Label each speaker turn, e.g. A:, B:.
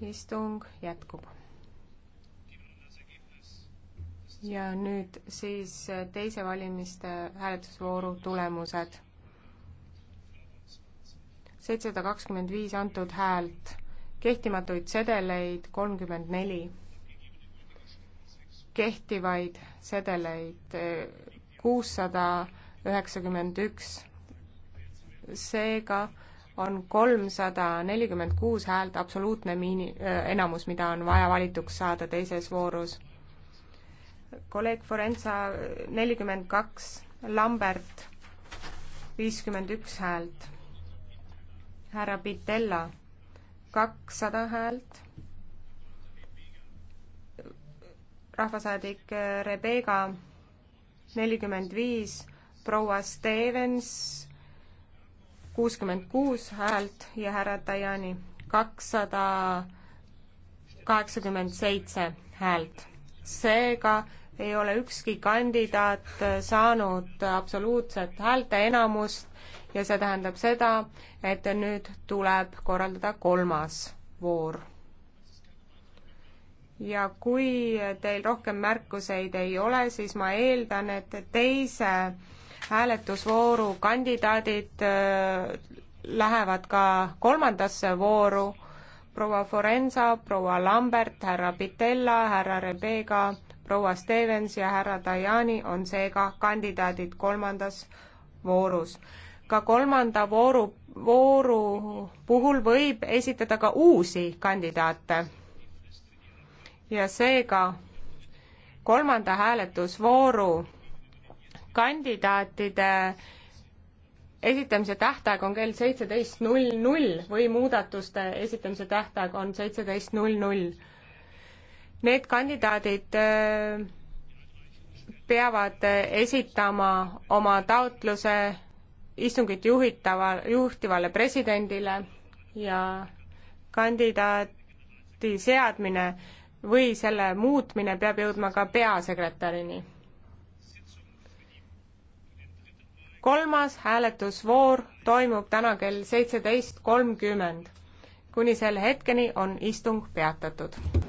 A: istung jätkub. ja nüüd siis teise valimiste hääletusvooru tulemused. seitsesada kakskümmend viis antud häält, kehtimatuid sedeleid kolmkümmend neli kehtivaid sedeleid eh, kuussada üheksakümmend üks. seega on kolmsada nelikümmend kuus häält absoluutne miini-, eh, enamus, mida on vaja valituks saada teises voorus. kolleeg Forenza nelikümmend kaks, Lambert viiskümmend üks häält, härra Pitella kakssada häält rahvasaadik äh, Rebecca nelikümmend viis, proua Stevens kuuskümmend kuus häält ja härra Tajani kakssada kaheksakümmend seitse häält. seega ei ole ükski kandidaat äh, saanud absoluutset häälteenamust ja see tähendab seda, et nüüd tuleb korraldada kolmas voor ja kui teil rohkem märkuseid ei ole, siis ma eeldan, et teise hääletusvooru kandidaadid äh, lähevad ka kolmandasse vooru. proua Forenza, proua Lambert, härra Pitella, härra Rebecca, proua Stevens ja härra Tajani on seega kandidaadid kolmandas voorus. ka kolmanda vooru, vooru puhul võib esitada ka uusi kandidaate ja seega kolmanda hääletusvooru kandidaatide esitamise tähtaeg on kell seitseteist null null või muudatuste esitamise tähtaeg on seitseteist null null. Need kandidaadid äh, peavad äh, esitama oma taotluse istungit juhitava, juhtivale presidendile ja kandidaati seadmine või selle muutmine peab jõudma ka peasekretärini. kolmas hääletusvoor toimub täna kell seitseteist kolmkümmend. kuni selle hetkeni on istung peatatud.